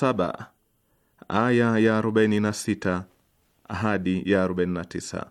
saba aya ya arobaini na sita hadi ya arobaini na tisa.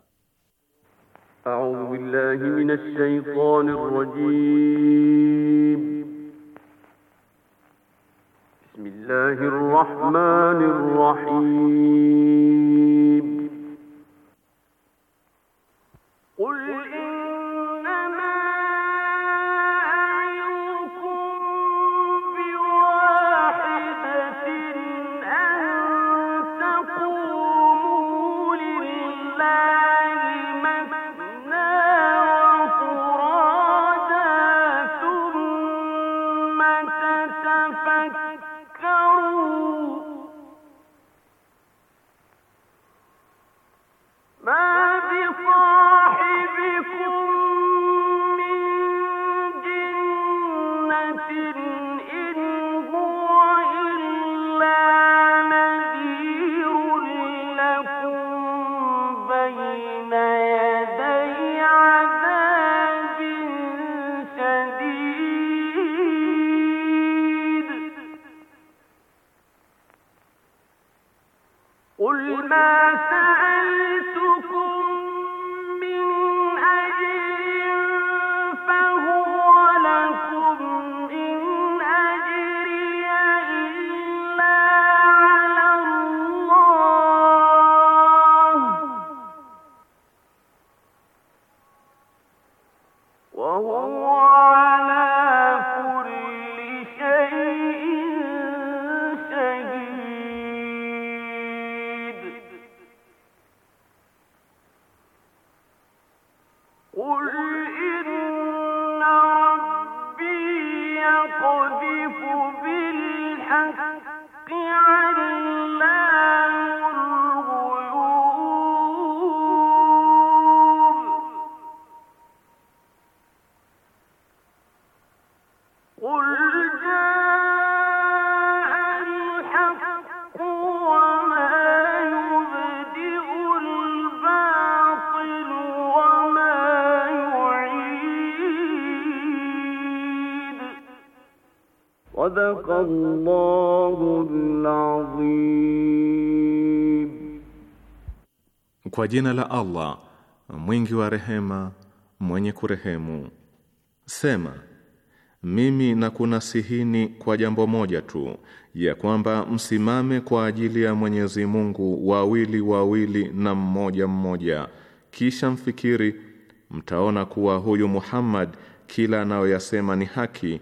صدق الله العظيم Kwa jina la Allah mwingi wa rehema mwenye kurehemu. Sema, mimi na kwa jambo moja tu, ya kwamba msimame kwa ajili ya Mwenyezi Mungu wawili wawili na mmoja mmoja, kisha mfikiri, mtaona kuwa huyu Muhammad kila anayoyasema ni haki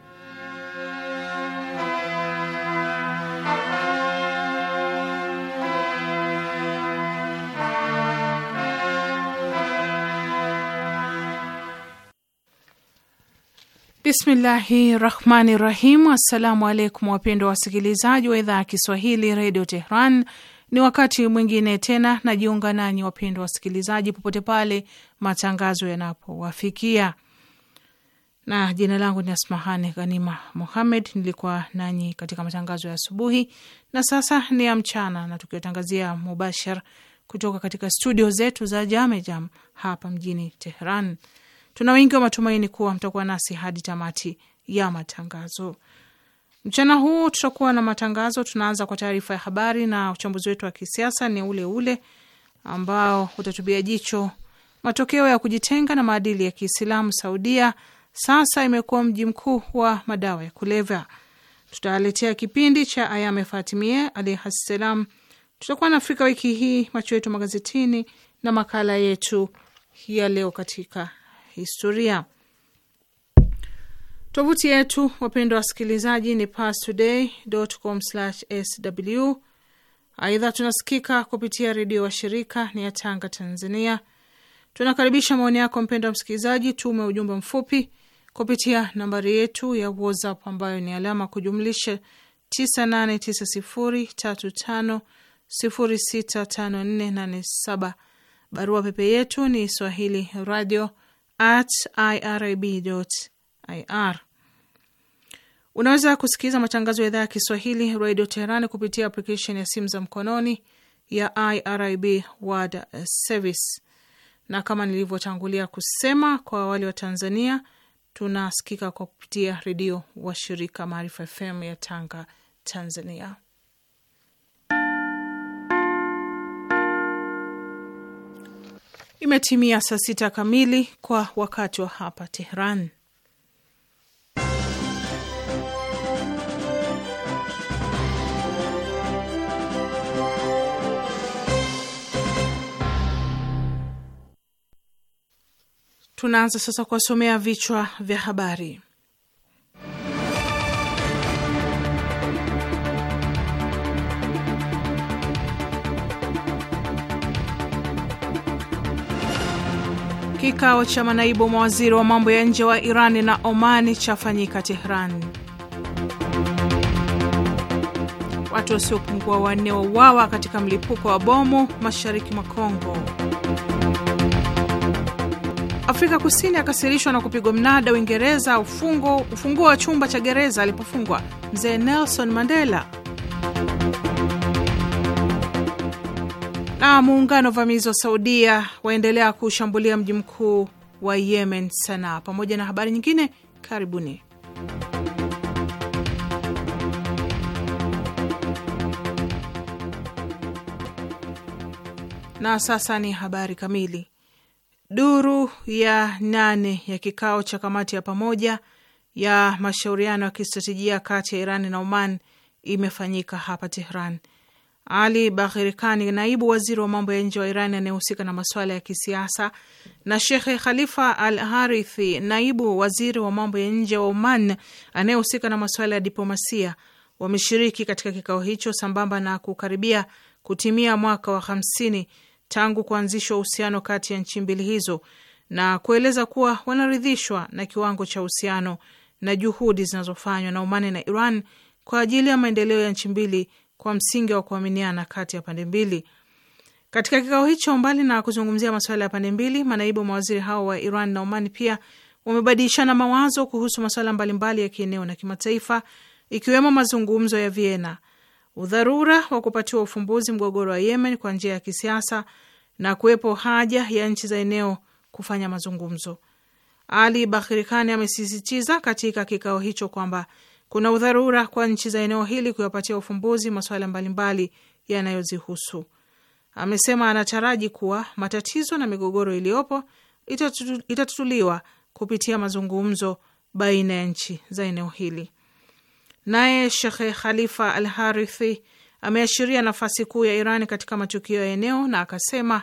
Bismillahi rahmani rahim. Assalamu alaikum wapendwa wasikilizaji wa idhaa ya Kiswahili redio Tehran. Ni wakati mwingine tena najiunga nanyi wapendwa wasikilizaji, popote pale matangazo yanapowafikia, na jina langu ni Asmahani Ghanima Muhammed. Nilikuwa nanyi katika matangazo ya asubuhi na sasa ni ya mchana, na tukiwatangazia mubashar kutoka katika studio zetu za Jamejam hapa mjini Tehran. Tuna wingi wa matumaini kuwa mtakuwa nasi hadi tamati ya matangazo. Mchana huu tutakuwa na matangazo. Tunaanza kwa taarifa ya habari na uchambuzi wetu wa kisiasa ni ule ule ambao utatubia jicho matokeo ya kujitenga na maadili ya Kiislamu. Saudia sasa imekuwa mji mkuu wa madawa ya kulevya. Tutaletea kipindi cha Ayame Fatimie alaihi salam. Tutakuwa na Afrika wiki hii, macho yetu magazetini na makala yetu ya leo katika historia. Tovuti yetu wapendwa wasikilizaji ni pastoday.com/sw. Aidha, tunasikika kupitia redio washirika ni ya Tanga, Tanzania. Tunakaribisha maoni yako mpendo wa msikilizaji, tume ujumbe mfupi kupitia nambari yetu ya WhatsApp ambayo ni alama kujumlisha 989035065487. Barua pepe yetu ni swahili radio at irib.ir. Unaweza kusikiliza matangazo ya idhaa ya Kiswahili redio Teherani kupitia aplikesheni ya simu za mkononi ya IRIB World Service, na kama nilivyotangulia kusema kwa awali wa Tanzania tunasikika kwa kupitia redio wa shirika Maarifa FM ya Tanga, Tanzania. Imetimia saa sita kamili kwa wakati wa hapa Tehran. Tunaanza sasa kuwasomea vichwa vya habari. Kikao cha manaibu mawaziri wa mambo ya nje wa iran na Omani chafanyika Tehran. Watu wasiopungua wanne wauawa katika mlipuko wa bomu mashariki mwa Kongo. Afrika Kusini akasirishwa na kupigwa mnada Uingereza ufunguo wa chumba cha gereza alipofungwa mzee Nelson Mandela. Na muungano wa uvamizi wa Saudia waendelea kushambulia mji mkuu wa Yemen, Sanaa, pamoja na habari nyingine. Karibuni. Na sasa ni habari kamili. Duru ya nane ya kikao cha kamati ya pamoja ya mashauriano ya kistratejia kati ya Iran na Oman imefanyika hapa Tehran ali Baghirikani, naibu waziri wa mambo ya nje wa Iran anayehusika na masuala ya kisiasa, na Shekhe Khalifa Al Harithi, naibu waziri wa mambo ya nje wa Oman anayehusika na masuala ya diplomasia, wameshiriki katika kikao hicho sambamba na kukaribia kutimia mwaka wa hamsini tangu kuanzishwa uhusiano kati ya nchi mbili hizo na kueleza kuwa wanaridhishwa na kiwango cha uhusiano na juhudi zinazofanywa na Omani na Iran kwa ajili ya maendeleo ya nchi mbili kwa msingi wa kuaminiana kati ya pande mbili. Katika kikao hicho, mbali na kuzungumzia masuala ya pande mbili, manaibu mawaziri hao wa Iran na Oman pia wamebadilishana mawazo kuhusu masuala mbalimbali ya kieneo na kimataifa, ikiwemo mazungumzo ya Vienna, udharura wa kupatiwa ufumbuzi mgogoro wa Yemen kwa njia ya kisiasa na kuwepo haja ya nchi za eneo kufanya mazungumzo. Ali Bakhirikani amesisitiza katika kikao hicho kwamba kuna udharura kwa nchi za eneo hili kuyapatia ufumbuzi masuala mbalimbali yanayozihusu. Amesema anataraji kuwa matatizo na migogoro iliyopo itatutuliwa kupitia mazungumzo baina ya nchi za eneo hili. Naye Shekhe Khalifa Al Harithi ameashiria nafasi kuu ya Iran katika matukio ya eneo na akasema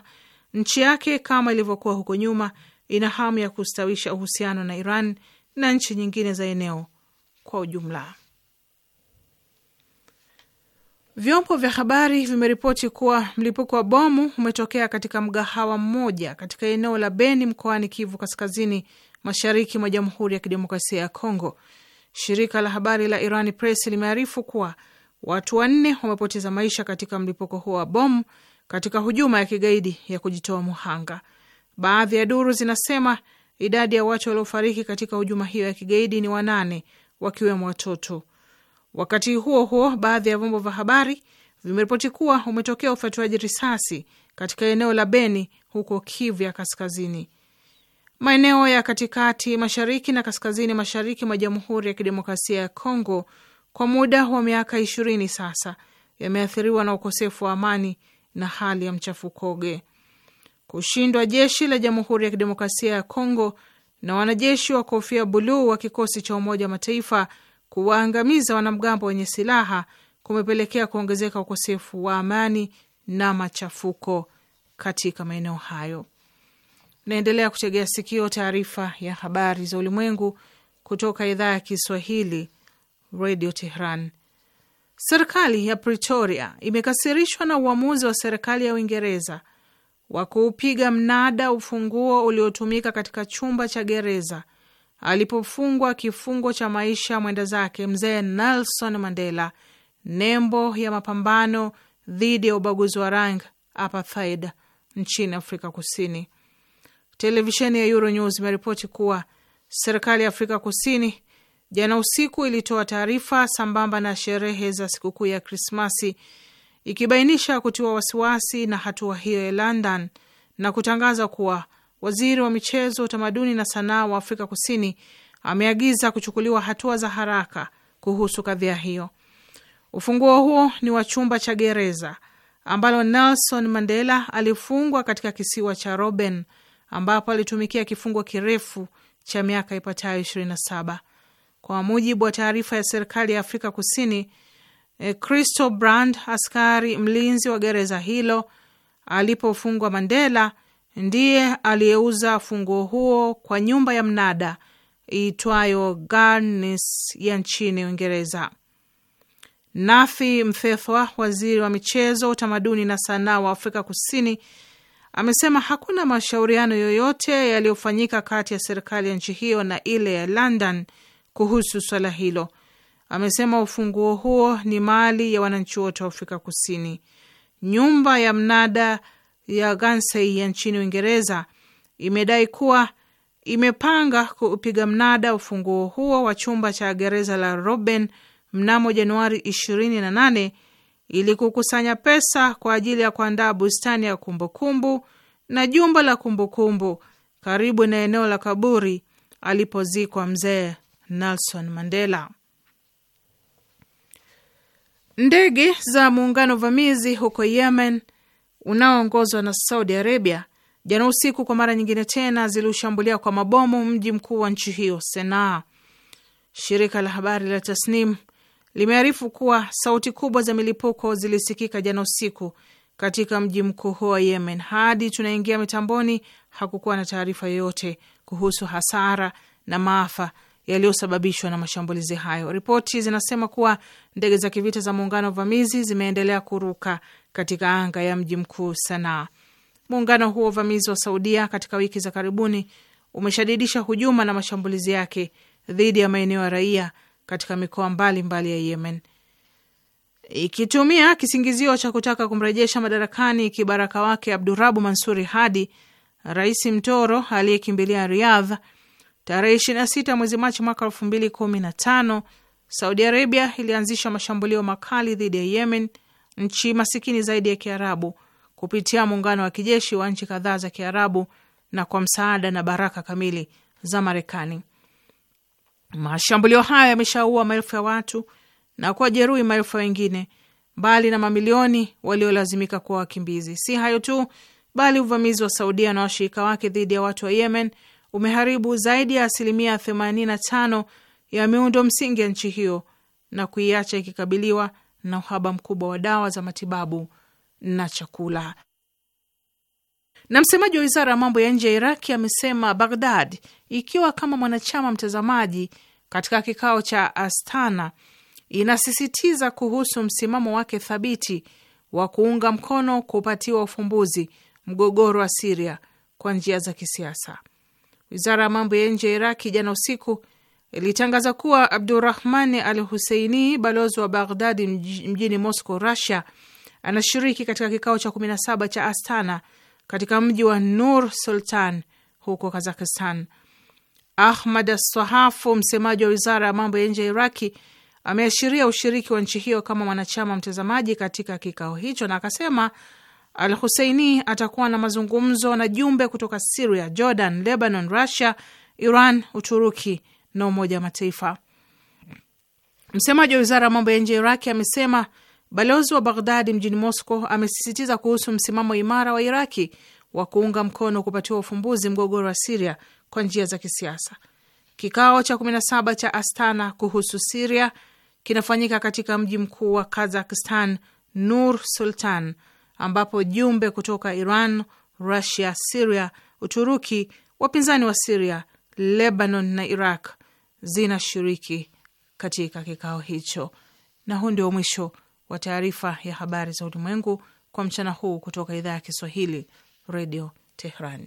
nchi yake kama ilivyokuwa huko nyuma ina hamu ya kustawisha uhusiano na Iran na nchi nyingine za eneo kwa ujumla. Vyombo vya habari vimeripoti kuwa mlipuko wa bomu umetokea katika mgahawa mmoja katika eneo la Beni mkoani Kivu Kaskazini, mashariki mwa Jamhuri ya Kidemokrasia ya Kongo. Shirika la habari la Iran Press limearifu kuwa watu wanne wamepoteza maisha katika mlipuko huo wa bomu katika hujuma ya kigaidi ya kujitoa muhanga. Baadhi ya duru zinasema idadi ya watu waliofariki katika hujuma hiyo ya kigaidi ni wanane, wakiwemo watoto. Wakati huo huo, baadhi ya vyombo vya habari vimeripoti kuwa umetokea ufatuaji risasi katika eneo la Beni huko Kivu ya Kaskazini. Maeneo ya katikati mashariki na kaskazini mashariki mwa Jamhuri ya Kidemokrasia ya Kongo kwa muda wa miaka ishirini sasa yameathiriwa na ukosefu wa amani na hali ya mchafukoge. Kushindwa jeshi la Jamhuri ya Kidemokrasia ya Kongo na wanajeshi wa kofia buluu wa kikosi cha Umoja wa Mataifa kuwaangamiza wanamgambo wenye silaha kumepelekea kuongezeka ukosefu wa amani na machafuko katika maeneo hayo. Naendelea kutegea sikio taarifa ya habari za ulimwengu kutoka idhaa ya Kiswahili, Radio Tehran. Serikali ya Pretoria imekasirishwa na uamuzi wa serikali ya Uingereza wa kuupiga mnada ufunguo uliotumika katika chumba cha gereza alipofungwa kifungo cha maisha mwenda zake mzee Nelson Mandela, nembo ya mapambano dhidi ya ubaguzi wa rangi apartheid nchini Afrika Kusini. Televisheni ya Euronews imeripoti kuwa serikali ya Afrika Kusini jana usiku ilitoa taarifa sambamba na sherehe za sikukuu ya Krismasi ikibainisha kutiwa wasiwasi na hatua hiyo ya London na kutangaza kuwa waziri wa michezo, utamaduni na sanaa wa Afrika Kusini ameagiza kuchukuliwa hatua za haraka kuhusu kadhia hiyo. Ufunguo huo ni wa chumba cha gereza ambalo Nelson Mandela alifungwa katika kisiwa cha Robben ambapo alitumikia kifungo kirefu cha miaka ipatayo 27. Kwa mujibu wa taarifa ya serikali ya Afrika Kusini, E, Christo Brand, askari mlinzi wa gereza hilo, alipofungwa Mandela ndiye aliyeuza funguo huo kwa nyumba ya mnada iitwayo Garnis ya nchini Uingereza. Nafi Mfefwa, waziri wa michezo, utamaduni na sanaa wa Afrika Kusini, amesema hakuna mashauriano yoyote yaliyofanyika kati ya serikali ya nchi hiyo na ile ya London kuhusu swala hilo amesema ufunguo huo ni mali ya wananchi wote wa Afrika Kusini. Nyumba ya mnada ya Gansey ya nchini Uingereza imedai kuwa imepanga kupiga mnada ufunguo huo wa chumba cha gereza la Roben mnamo Januari 28 ili kukusanya pesa kwa ajili ya kuandaa bustani ya kumbukumbu na jumba la kumbukumbu karibu na eneo la kaburi alipozikwa mzee Nelson Mandela. Ndege za muungano vamizi huko Yemen unaoongozwa na Saudi Arabia jana usiku kwa mara nyingine tena ziliushambulia kwa mabomu mji mkuu wa nchi hiyo Sanaa. Shirika la habari la Tasnim limearifu kuwa sauti kubwa za milipuko zilisikika jana usiku katika mji mkuu huo wa Yemen. Hadi tunaingia mitamboni, hakukuwa na taarifa yoyote kuhusu hasara na maafa yaliyosababishwa na mashambulizi hayo. Ripoti zinasema kuwa ndege za kivita za muungano wa uvamizi zimeendelea kuruka katika anga ya mji mkuu Sanaa. Muungano huo uvamizi wa Saudia katika wiki za karibuni umeshadidisha hujuma na mashambulizi yake dhidi ya maeneo ya raia katika mikoa mbalimbali ya Yemen, ikitumia kisingizio cha kutaka kumrejesha madarakani kibaraka wake Abdurabu Mansuri Hadi. Rais mtoro aliyekimbilia riadha Tarehe 26 mwezi Machi mwaka 2015 Saudi Arabia ilianzisha mashambulio makali dhidi ya Yemen, nchi masikini zaidi ya Kiarabu, kupitia muungano wa kijeshi wa nchi kadhaa za Kiarabu na kwa msaada na baraka kamili za Marekani. Mashambulio hayo yameshaua maelfu ya watu na kuwajeruhi maelfu wengine, bali na mamilioni waliolazimika kuwa wakimbizi. Si hayo tu, bali uvamizi wa Saudia na washirika wake dhidi ya watu wa Yemen umeharibu zaidi ya asilimia 85 ya miundo msingi ya nchi hiyo na kuiacha ikikabiliwa na uhaba mkubwa wa dawa za matibabu na chakula. Na msemaji wa wizara ya mambo ya nje ya Iraki amesema Baghdad ikiwa kama mwanachama mtazamaji katika kikao cha Astana inasisitiza kuhusu msimamo wake thabiti wa kuunga mkono kupatiwa ufumbuzi mgogoro wa Siria kwa njia za kisiasa. Wizara ya mambo ya nje ya Iraki jana usiku ilitangaza kuwa Abdurahman al Huseini, balozi wa Baghdadi mjini Moscow, Russia, anashiriki katika kikao cha 17 cha Astana katika mji wa Nur Sultan huko Kazakistan. Ahmad Sahafu, msemaji wa wizara ya mambo ya nje ya Iraki, ameashiria ushiriki wa nchi hiyo kama mwanachama mtazamaji katika kikao hicho, na akasema Al Huseini atakuwa na mazungumzo na jumbe kutoka Siria, Jordan, Lebanon, Russia, Iran, Uturuki na Umoja wa Mataifa. Msemaji wa wizara ya mambo ya nje ya Iraki amesema balozi wa Baghdadi mjini Moscow amesisitiza kuhusu msimamo imara wa Iraki wa kuunga mkono kupatiwa ufumbuzi mgogoro wa Siria kwa njia za kisiasa. Kikao cha 17 cha Astana kuhusu Siria kinafanyika katika mji mkuu wa Kazakistan, Nur Sultan, ambapo jumbe kutoka Iran, Rusia, Siria, Uturuki, wapinzani wa Siria, Lebanon na Iraq zinashiriki katika kikao hicho. Na huu ndio mwisho wa taarifa ya habari za ulimwengu kwa mchana huu kutoka idhaa ya Kiswahili, Redio Tehran.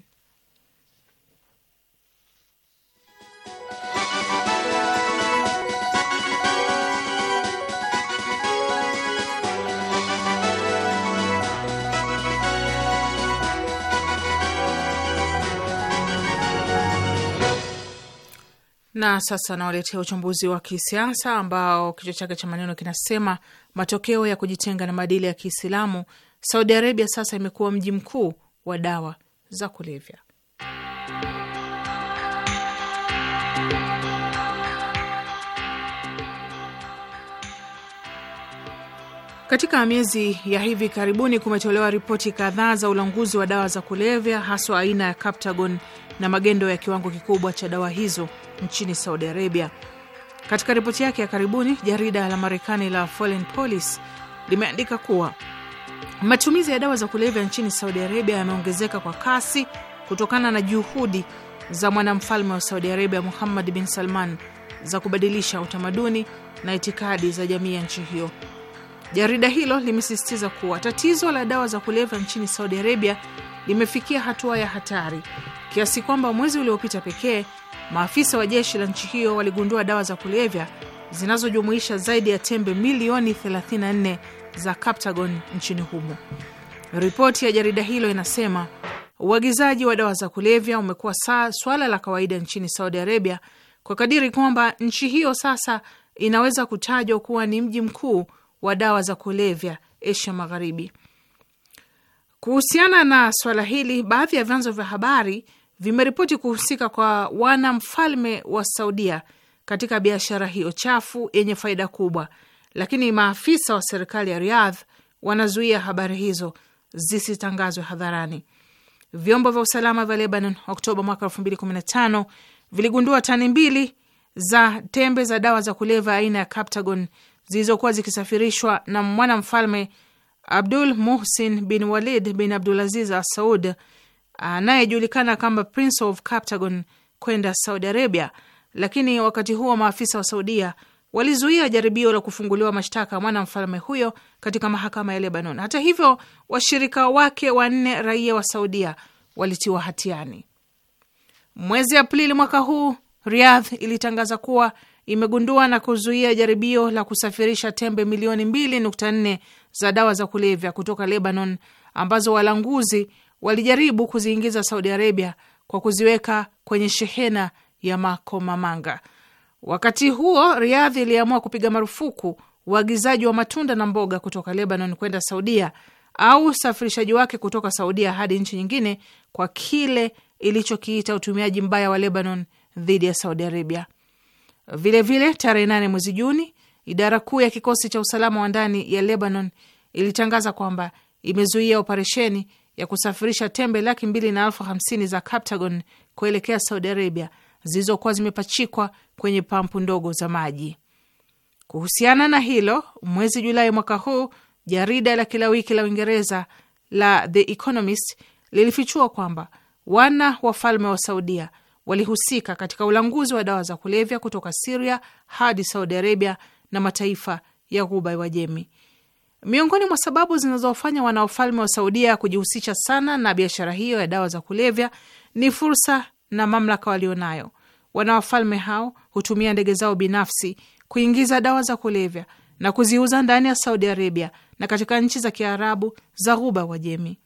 Na sasa nawaletea uchambuzi wa kisiasa ambao kichwa chake cha maneno kinasema matokeo ya kujitenga na maadili ya Kiislamu, Saudi Arabia sasa imekuwa mji mkuu wa dawa za kulevya. Katika miezi ya hivi karibuni kumetolewa ripoti kadhaa za ulanguzi wa dawa za kulevya, haswa aina ya Captagon na magendo ya kiwango kikubwa cha dawa hizo nchini Saudi Arabia. Katika ripoti yake ya karibuni, jarida la Marekani la Foreign Policy limeandika kuwa matumizi ya dawa za kulevya nchini Saudi Arabia yameongezeka kwa kasi kutokana na juhudi za mwanamfalme wa Saudi Arabia Muhammad bin Salman za kubadilisha utamaduni na itikadi za jamii ya nchi hiyo. Jarida hilo limesisitiza kuwa tatizo la dawa za kulevya nchini Saudi Arabia limefikia hatua ya hatari kiasi kwamba mwezi uliopita pekee Maafisa wa jeshi la nchi hiyo waligundua dawa za kulevya zinazojumuisha zaidi ya tembe milioni 34 za Captagon nchini humo. Ripoti ya jarida hilo inasema uagizaji wa dawa za kulevya umekuwa saa swala la kawaida nchini Saudi Arabia kwa kadiri kwamba nchi hiyo sasa inaweza kutajwa kuwa ni mji mkuu wa dawa za kulevya Asia Magharibi. Kuhusiana na swala hili, baadhi ya vyanzo vya habari vimeripoti kuhusika kwa wanamfalme wa Saudia katika biashara hiyo chafu yenye faida kubwa, lakini maafisa wa serikali ya Riyadh wanazuia habari hizo zisitangazwe hadharani. Vyombo vya usalama vya Lebanon Oktoba mwaka 2015 viligundua tani mbili za tembe za dawa za kulevya aina ya Captagon zilizokuwa zikisafirishwa na mwanamfalme Abdul Muhsin bin Walid bin Abdulaziz al Saud anayejulikana kama Prince of Captagon kwenda Saudi Arabia, lakini wakati huo maafisa wa Saudia walizuia jaribio la kufunguliwa mashtaka mwanamfalme huyo katika mahakama ya Lebanon. Hata hivyo, washirika wake wanne raia wa Saudia walitiwa hatiani. Mwezi Aprili mwaka huu, Riyadh ilitangaza kuwa imegundua na kuzuia jaribio la kusafirisha tembe milioni 2.4 za dawa za kulevya kutoka Lebanon ambazo walanguzi walijaribu kuziingiza Saudi Arabia kwa kuziweka kwenye shehena ya makomamanga. Wakati huo, Riyadh iliamua kupiga marufuku uagizaji wa matunda na mboga kutoka Lebanon kwenda Saudia au usafirishaji wake kutoka Saudia hadi nchi nyingine kwa kile ilichokiita utumiaji mbaya wa Lebanon dhidi ya Saudi Arabia. Vilevile, tarehe nane mwezi Juni, idara kuu ya kikosi cha usalama wa ndani ya Lebanon ilitangaza kwamba imezuia operesheni ya kusafirisha tembe laki mbili na elfu hamsini za Captagon kuelekea Saudi Arabia zilizokuwa zimepachikwa kwenye pampu ndogo za maji. Kuhusiana na hilo, mwezi Julai mwaka huu jarida la kila wiki la Uingereza la The Economist lilifichua kwamba wana wafalme wa Saudia walihusika katika ulanguzi wa dawa za kulevya kutoka Siria hadi Saudi Arabia na mataifa ya Ghuba ya Uajemi. Miongoni mwa sababu zinazofanya wanaofalme wa Saudia kujihusisha sana na biashara hiyo ya dawa za kulevya ni fursa na mamlaka walionayo. Wanawafalme hao hutumia ndege zao binafsi kuingiza dawa za kulevya na kuziuza ndani ya Saudi Arabia na katika nchi za Kiarabu za Ghuba Wajemi.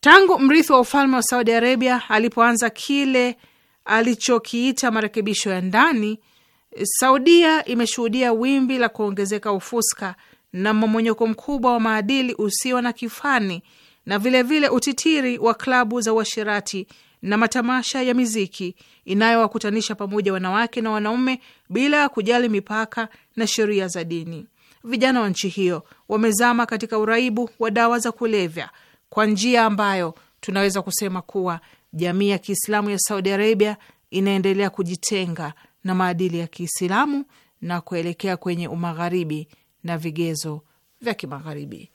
Tangu mrithi wa ufalme wa Saudi Arabia alipoanza kile alichokiita marekebisho ya ndani, Saudia imeshuhudia wimbi la kuongezeka ufuska na mmomonyoko mkubwa wa maadili usio na kifani na vilevile vile utitiri wa klabu za uashirati na matamasha ya miziki inayowakutanisha pamoja wanawake na wanaume bila ya kujali mipaka na sheria za dini. Vijana wa nchi hiyo wamezama katika uraibu wa dawa za kulevya kwa njia ambayo tunaweza kusema kuwa jamii ya Kiislamu ya Saudi Arabia inaendelea kujitenga na maadili ya Kiislamu na kuelekea kwenye umagharibi na vigezo vya kimagharibi.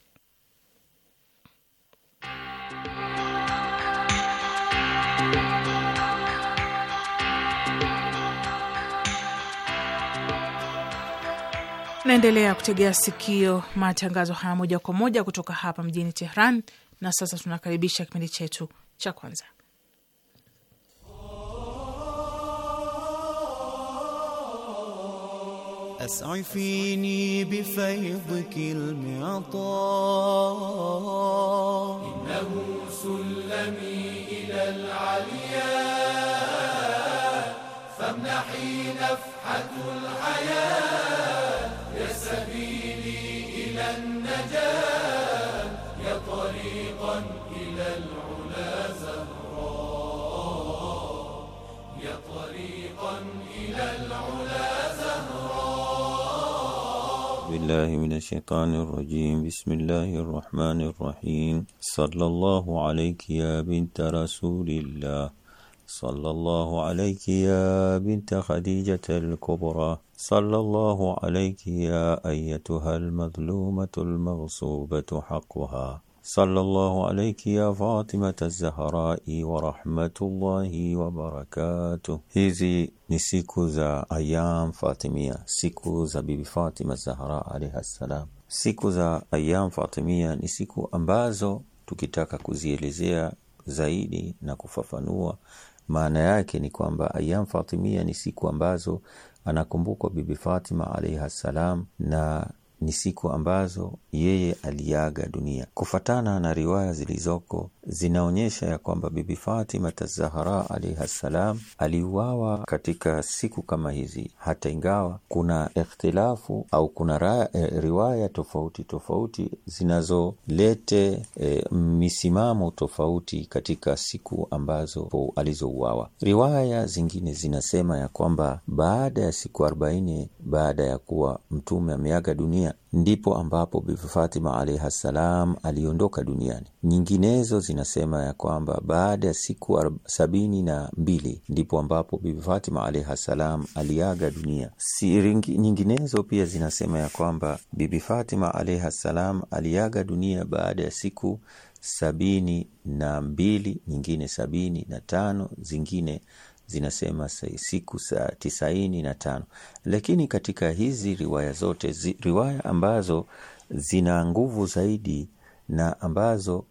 Naendelea kutegea sikio matangazo haya moja kwa moja kutoka hapa mjini Tehran. Na sasa tunakaribisha kipindi chetu cha kwanza أسعفيني بفيضك المعطاء إنه سلمي إلى العلياء فامنحي نفحة الحياة يا سبيل بالله من الشيطان الرجيم بسم الله الرحمن الرحيم صلى الله عليك يا بنت رسول الله صلى الله عليك يا بنت خديجة الكبرى صلى الله عليك يا أيتها المظلومة المغصوبة حقها sallallahu alayki ya Fatima az-Zahra wa rahmatullahi wa barakatuh. Hizi ni siku za ayam Fatimia, siku za Bibi Fatima Zahra alayha salam. Siku za ayam Fatimia ni siku ambazo tukitaka kuzielezea zaidi na kufafanua maana yake ni kwamba ayam Fatimia ni siku ambazo anakumbukwa Bibi Fatima alayha salam na ni siku ambazo yeye aliaga dunia. Kufatana na riwaya zilizoko zinaonyesha ya kwamba Bibi Fatima Tazahara alaihi ssalam aliuawa katika siku kama hizi, hata ingawa kuna ikhtilafu au kuna raya, e, riwaya tofauti tofauti zinazolete e, misimamo tofauti katika siku ambazo alizouawa. Riwaya zingine zinasema ya kwamba baada ya siku arobaini baada ya kuwa mtume ameaga dunia ndipo ambapo Bibi Fatima alaihi ssalam aliondoka duniani. Nyinginezo zinasema ya kwamba baada ya siku sabini na mbili ndipo ambapo Bibi Fatima alaihi ssalam aliaga dunia. ringi, nyinginezo pia zinasema ya kwamba Bibi Fatima alaihi ssalam aliaga dunia baada ya siku sabini na mbili, nyingine sabini na tano, zingine zinasema siku saa tisaini na tano, lakini katika hizi riwaya zote zi, riwaya ambazo zina nguvu zaidi na ambazo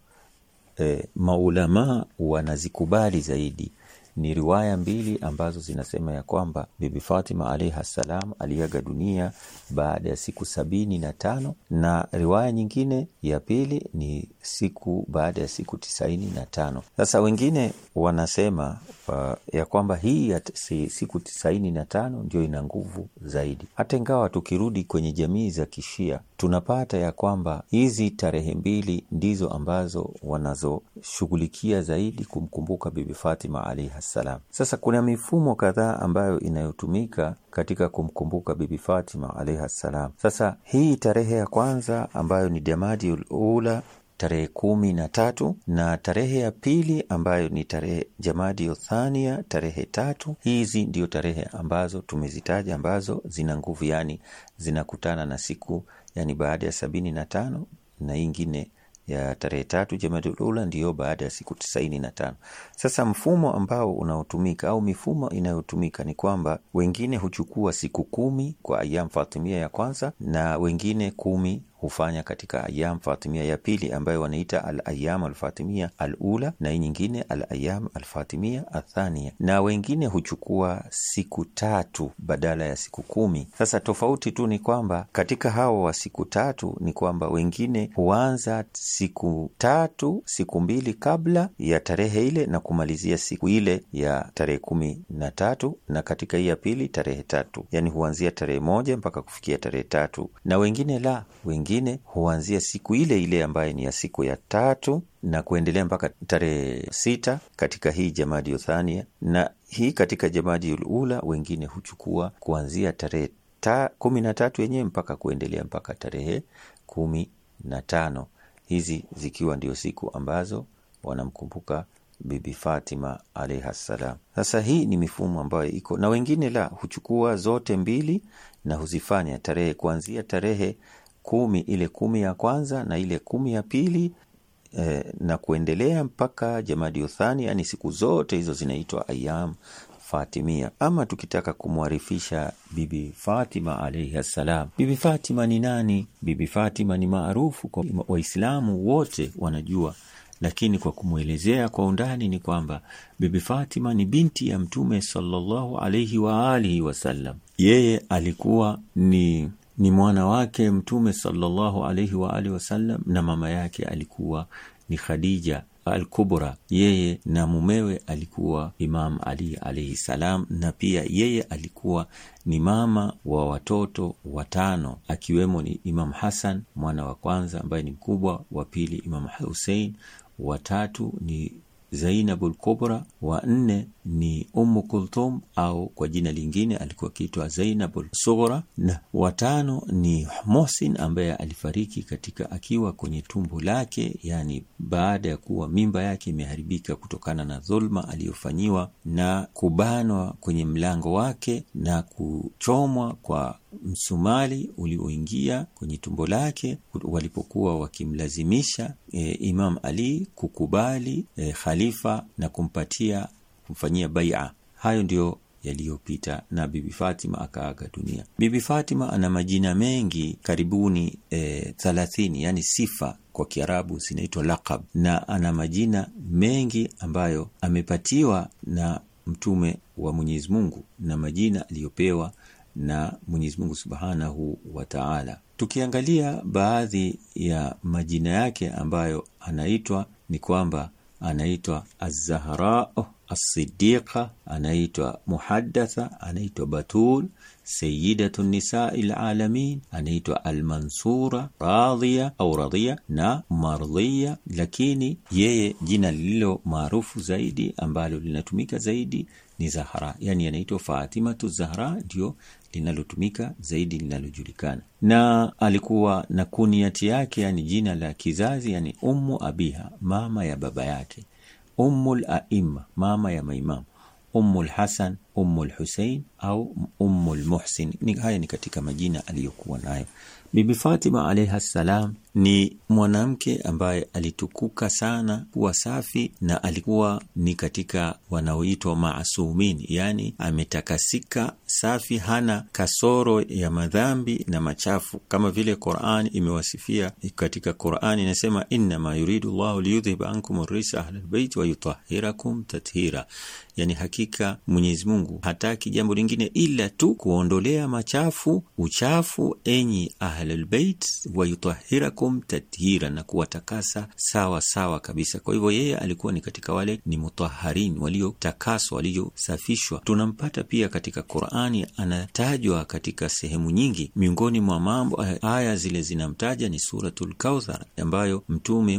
e, maulamaa wanazikubali zaidi ni riwaya mbili ambazo zinasema ya kwamba Bibi Fatima alaihi salam aliaga dunia baada ya siku sabini na tano na riwaya nyingine ya pili ni siku baada ya siku tisaini na tano. Sasa wengine wanasema uh, ya kwamba hii ya siku tisaini na tano ndio ina nguvu zaidi, hata ingawa tukirudi kwenye jamii za Kishia tunapata ya kwamba hizi tarehe mbili ndizo ambazo wanazoshughulikia zaidi kumkumbuka Bibi Fatima alaihi ssalam. Sasa kuna mifumo kadhaa ambayo inayotumika katika kumkumbuka Bibi Fatima alaihi ssalam. Sasa hii tarehe ya kwanza ambayo ni Jamadiul Ula tarehe kumi na tatu na tarehe ya pili ambayo ni tarehe Jamadi Thania tarehe tatu. Hizi ndio tarehe ambazo tumezitaja ambazo zina nguvu, yani zinakutana na siku yani baada ya sabini na tano na ingine ya tarehe tatu Jamaadul ndiyo baada ya siku tisaini na tano. Sasa mfumo ambao unaotumika au mifumo inayotumika ni kwamba wengine huchukua siku kumi kwa ayam fatimia ya kwanza na wengine kumi hufanya katika ayam fatimia ya pili ambayo wanaita al ayam alfatimia al ula na hii nyingine al ayam alfatimia athania, na wengine huchukua siku tatu badala ya siku kumi. Sasa tofauti tu ni kwamba katika hawa wa siku tatu ni kwamba wengine huanza siku tatu siku mbili kabla ya tarehe ile na kumalizia siku ile ya tarehe kumi na tatu na katika hii ya pili tarehe tatu, yani huanzia tarehe moja mpaka kufikia tarehe tatu, na wengine la wengine nyingine huanzia siku ile ile ambayo ni ya siku ya tatu na kuendelea mpaka tarehe sita katika hii Jamadi Uthania, na hii katika Jamadi Ulula wengine huchukua kuanzia tarehe ta, kumi na tatu yenyewe mpaka kuendelea mpaka tarehe kumi na tano hizi zikiwa ndio siku ambazo wanamkumbuka Bibi Fatima alaihi ssalam. Sasa hii ni mifumo ambayo iko na wengine la huchukua zote mbili na huzifanya tarehe kuanzia tarehe kumi, ile kumi ya kwanza na ile kumi ya pili eh, na kuendelea mpaka Jamadi Uthani, yani siku zote hizo zinaitwa ayam Fatimia. Ama tukitaka kumwarifisha Bibi Fatima alaihi assalam Bibi Fatima ni nani? Bibi Fatima ni maarufu kwa Waislamu wote wanajua, lakini kwa kumwelezea kwa undani ni kwamba Bibi Fatima ni binti ya Mtume sallallahu alaihi waalihi wasallam. Yeye alikuwa ni ni mwana wake Mtume sallallahu alaihi wa alihi wasallam, na mama yake alikuwa ni Khadija Al-Kubra. Yeye na mumewe alikuwa Imam Ali alaihi salam, na pia yeye alikuwa ni mama wa watoto watano, akiwemo ni Imam Hasan mwana wa kwanza ambaye ni mkubwa, wa pili Imam Husein, watatu ni Zainabul Kubra, wa nne ni Ummu Kulthum au kwa jina lingine alikuwa akiitwa Zainabul Sughra, na watano ni Muhsin ambaye alifariki katika akiwa kwenye tumbo lake, yani baada ya kuwa mimba yake imeharibika kutokana na dhulma aliyofanyiwa na kubanwa kwenye mlango wake na kuchomwa kwa msumali ulioingia kwenye tumbo lake walipokuwa wakimlazimisha e, Imam Ali kukubali e, khalifa na kumpatia kumfanyia baia. Hayo ndiyo yaliyopita na Bibi Fatima akaaga dunia. Bibi Fatima ana majina mengi karibuni e, thalathini, yani sifa kwa Kiarabu zinaitwa laqab, na ana majina mengi ambayo amepatiwa na Mtume wa Mwenyezi Mungu na majina aliyopewa na Mwenyezi Mungu Subhanahu wa Ta'ala. Tukiangalia baadhi ya majina yake ambayo anaitwa ni kwamba anaitwa azahra asidia anaitwa muhadatha anaitwa Batul, sayidatu Nisai Lalamin, anaitwa Almansura, Radhiya au radhia na mardhia Lakini yeye jina lililo maarufu zaidi ambalo linatumika zaidi ni Zahra, yani anaitwa Fatimatu Zahra, ndio linalotumika zaidi linalojulikana, na alikuwa na kuniati yake, yani jina la kizazi, yani ummu abiha, mama ya baba yake, ummul mama ya maimamu, ummul hasan, au ummul Haya ni katika majina aliyokuwa nayo Bibi Fatima alaihi salam ni mwanamke ambaye alitukuka sana kuwa safi na alikuwa ni katika wanaoitwa maasumini, yaani ametakasika safi, hana kasoro ya madhambi na machafu, kama vile Qurani imewasifia katika Qurani inasema, innama yuridu llahu liyudhhib ankum risa ahlalbeiti wayutahirakum tathira, yani hakika Mwenyezi Mungu hataki jambo lingine ila tu kuondolea machafu uchafu enyi ahlulbeit wayutahirakum minkum tathira, na kuwatakasa sawa sawa kabisa. Kwa hivyo yeye alikuwa ni katika wale ni mutaharin, waliotakaswa, waliosafishwa. Tunampata pia katika Qurani, anatajwa katika sehemu nyingi. Miongoni mwa mambo aya zile zinamtaja ni Suratul Kauthar, ambayo Mtume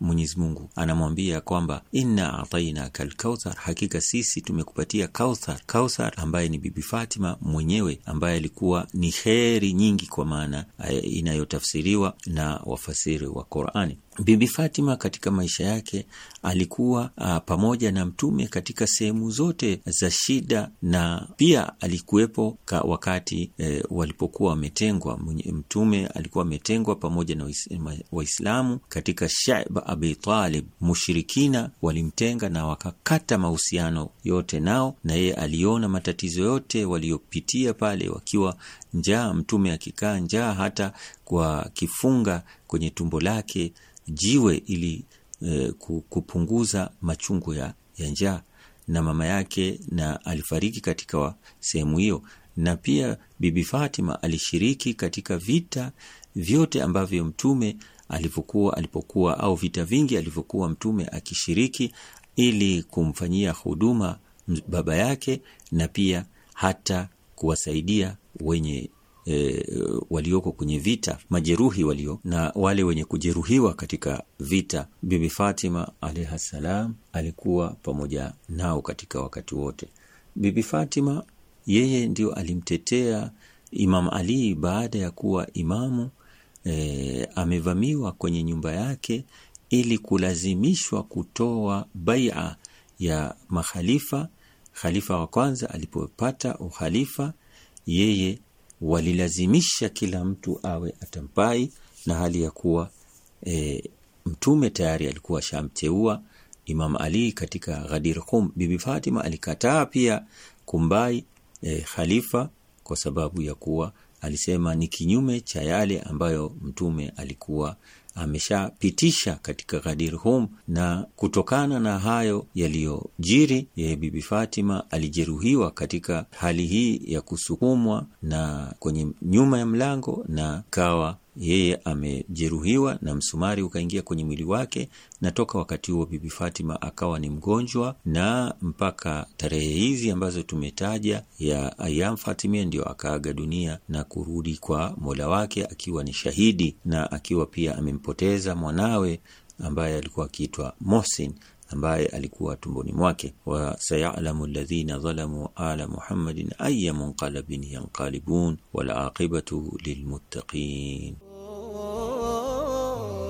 Mwenyezi Mungu anamwambia kwamba inna atainaka lkauthar, hakika sisi tumekupatia kauthar. Kauthar ambaye ni Bibi Fatima mwenyewe, ambaye alikuwa ni kheri nyingi, kwa maana eh, inayotafsiriwa na wafasiri wa Qurani. Bibi Fatima katika maisha yake alikuwa a, uh, pamoja na Mtume katika sehemu zote za shida, na pia alikuwepo wakati e, walipokuwa wametengwa. Mtume alikuwa ametengwa pamoja na Waislamu katika Shaiba Abi Talib. Mushirikina walimtenga na wakakata mahusiano yote nao, na yeye aliona matatizo yote waliopitia pale, wakiwa njaa, Mtume akikaa njaa, hata kwa kifunga kwenye tumbo lake jiwe ili e, kupunguza machungu ya, ya njaa na mama yake na alifariki katika sehemu hiyo, na pia Bibi Fatima alishiriki katika vita vyote ambavyo mtume alivyokuwa alipokuwa au vita vingi alivyokuwa mtume akishiriki ili kumfanyia huduma baba yake na pia hata kuwasaidia wenye e, walioko kwenye vita, majeruhi walio na wale wenye kujeruhiwa katika vita. Bibi Fatima alaihi salam alikuwa pamoja nao katika wakati wote. Bibi Fatima yeye ndio alimtetea Imam Ali baada ya kuwa imamu e, amevamiwa kwenye nyumba yake ili kulazimishwa kutoa baia ya makhalifa. Khalifa wa kwanza alipopata ukhalifa, yeye walilazimisha kila mtu awe atampai, na hali ya kuwa e, mtume tayari alikuwa shamteua Imam Ali katika Ghadir Qum. Bibi Fatima alikataa pia kumbai e, khalifa kwa sababu ya kuwa alisema ni kinyume cha yale ambayo mtume alikuwa ameshapitisha katika Ghadir Hum, na kutokana na hayo yaliyojiri, yeye Bibi Fatima alijeruhiwa katika hali hii ya kusukumwa na kwenye nyuma ya mlango na kawa yeye amejeruhiwa na msumari ukaingia kwenye mwili wake, na toka wakati huo Bibi Fatima akawa ni mgonjwa, na mpaka tarehe hizi ambazo tumetaja ya ayam Fatimia ndio akaaga dunia na kurudi kwa Mola wake akiwa ni shahidi na akiwa pia amempoteza mwanawe ambaye alikuwa akiitwa Mohsin ambaye alikuwa tumboni mwake. wa sayalamu alladhina dhalamu ala muhammadin aya munqalabin yanqalibun wal aqibatu lilmuttaqin.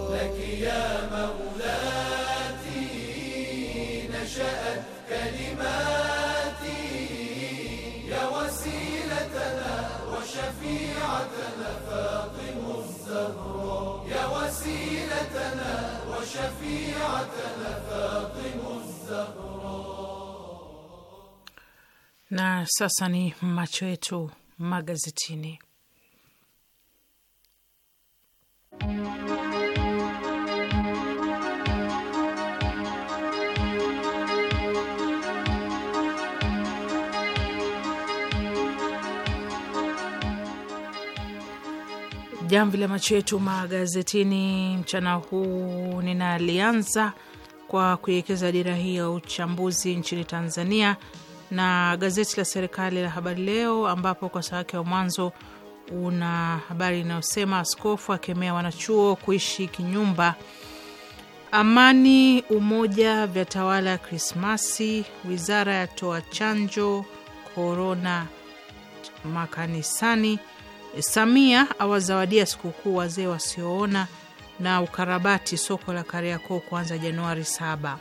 لك يا مولاتي نشأت كلماتي يا وسيلتنا وشفيعتنا فاطم الزهراء يا وسيلتنا وشفيعتنا فاطم الزهراء na sasa ni macho yetu magazetini Jamvi la macho yetu magazetini mchana huu ninalianza kwa kuiwekeza dira hii ya uchambuzi nchini Tanzania na gazeti la serikali la Habari Leo, ambapo ukurasa wake wa mwanzo una habari inayosema askofu akemea wanachuo kuishi kinyumba. Amani umoja vya tawala ya Krismasi. Wizara yatoa chanjo korona makanisani. Samia awazawadia sikukuu wazee wasioona, na ukarabati soko la Kariakoo kuanza Januari saba.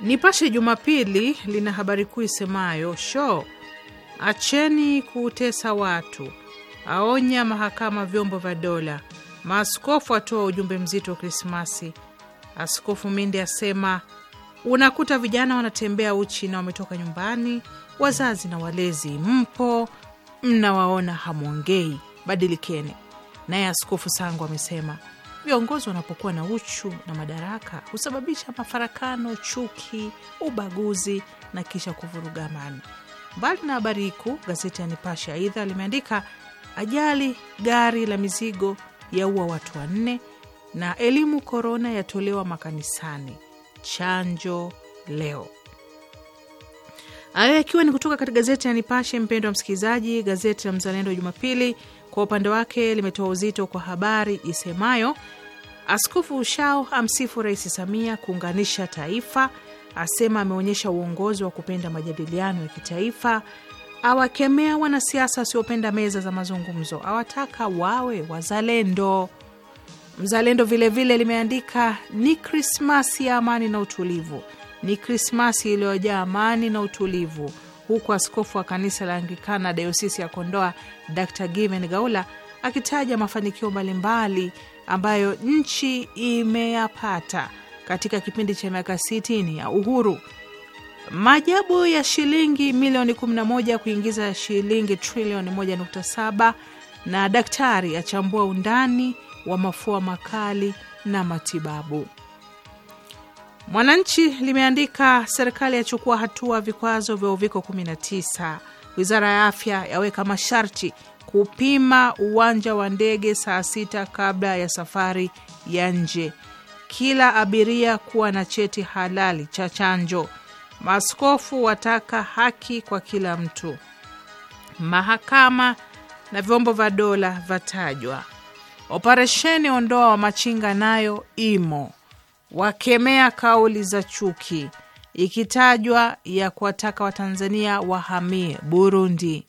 Nipashe Jumapili lina habari kuu isemayo show acheni kuutesa watu, aonya mahakama vyombo vya dola, maaskofu atoa ujumbe mzito wa Krismasi, Askofu mindi asema unakuta vijana wanatembea uchi na wametoka nyumbani, wazazi na walezi mpo, mnawaona hamwongei, badilikeni. Naye Askofu Sangu amesema viongozi wanapokuwa na uchu na madaraka husababisha mafarakano, chuki, ubaguzi na kisha kuvuruga amani. Mbali na habari kuu, gazeti ya Nipashe aidha limeandika ajali gari la mizigo yaua watu wanne, na elimu korona yatolewa makanisani, chanjo leo. Hayo yakiwa ni kutoka katika gazeti la Nipashe. Mpendo wa msikilizaji, gazeti la Mzalendo Jumapili kwa upande wake limetoa uzito kwa habari isemayo Askofu Ushao amsifu Rais Samia kuunganisha taifa, asema ameonyesha uongozi wa kupenda majadiliano ya kitaifa, awakemea wanasiasa wasiopenda meza za mazungumzo, awataka wawe wazalendo. Mzalendo vilevile vile limeandika ni Krismasi ya amani na utulivu, ni Krismasi iliyojaa amani na utulivu, huku askofu wa kanisa la Anglikana dayosisi ya Kondoa Dr Given Gaula akitaja mafanikio mbalimbali ambayo nchi imeyapata katika kipindi cha miaka 60 ya uhuru. majabu ya shilingi milioni 11 kuingiza shilingi trilioni 1.7 na daktari achambua undani wa mafua makali na matibabu. Mwananchi limeandika serikali yachukua hatua vikwazo vya uviko 19. Wizara ya afya yaweka masharti kupima uwanja wa ndege saa sita kabla ya safari ya nje. Kila abiria kuwa na cheti halali cha chanjo. maskofu wataka haki kwa kila mtu. Mahakama na vyombo vya dola vatajwa. Operesheni ondoa wa machinga nayo imo wakemea kauli za chuki ikitajwa ya kuwataka Watanzania wahamie Burundi.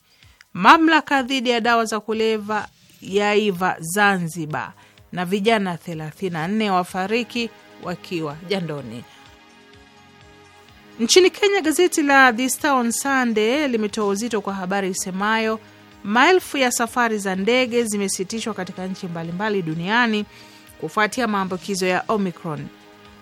Mamlaka dhidi ya dawa za kuleva yaiva Zanzibar, na vijana 34 wafariki wakiwa jandoni. Nchini Kenya, gazeti la The Star on Sunday limetoa uzito kwa habari isemayo maelfu ya safari za ndege zimesitishwa katika nchi mbalimbali duniani kufuatia maambukizo ya Omicron.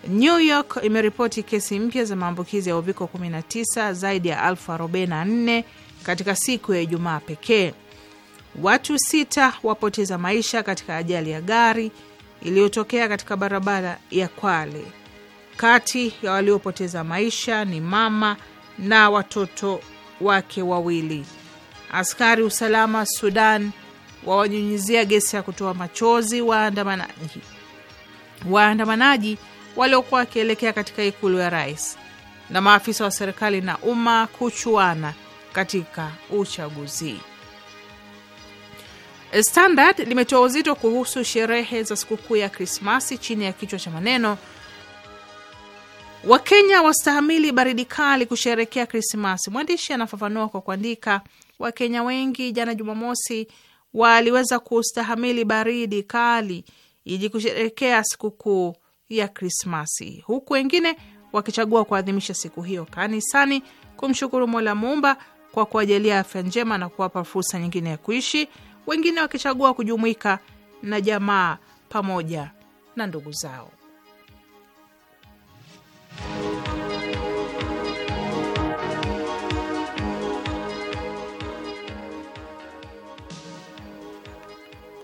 New York imeripoti kesi mpya za maambukizi ya uviko 19 zaidi ya elfu 44 katika siku ya Ijumaa pekee. Watu sita wapoteza maisha katika ajali ya gari iliyotokea katika barabara ya Kwale. Kati ya waliopoteza maisha ni mama na watoto wake wawili. Askari usalama Sudan wawanyunyizia gesi ya kutoa machozi waandamanaji waandamanaji waliokuwa wakielekea katika ikulu ya rais na maafisa wa serikali na umma kuchuana katika uchaguzi. Standard limetoa uzito kuhusu sherehe za sikukuu ya Krismasi chini ya kichwa cha maneno Wakenya wastahamili baridi kali kusherekea Krismasi. Mwandishi anafafanua kwa kuandika, Wakenya wengi jana Jumamosi waliweza kustahamili baridi kali ili kusherekea sikukuu ya Krismasi, huku wengine wakichagua kuadhimisha siku hiyo kanisani kumshukuru Mola muumba kwa kuwajalia afya njema na kuwapa fursa nyingine ya kuishi, wengine wakichagua kujumuika na jamaa pamoja na ndugu zao.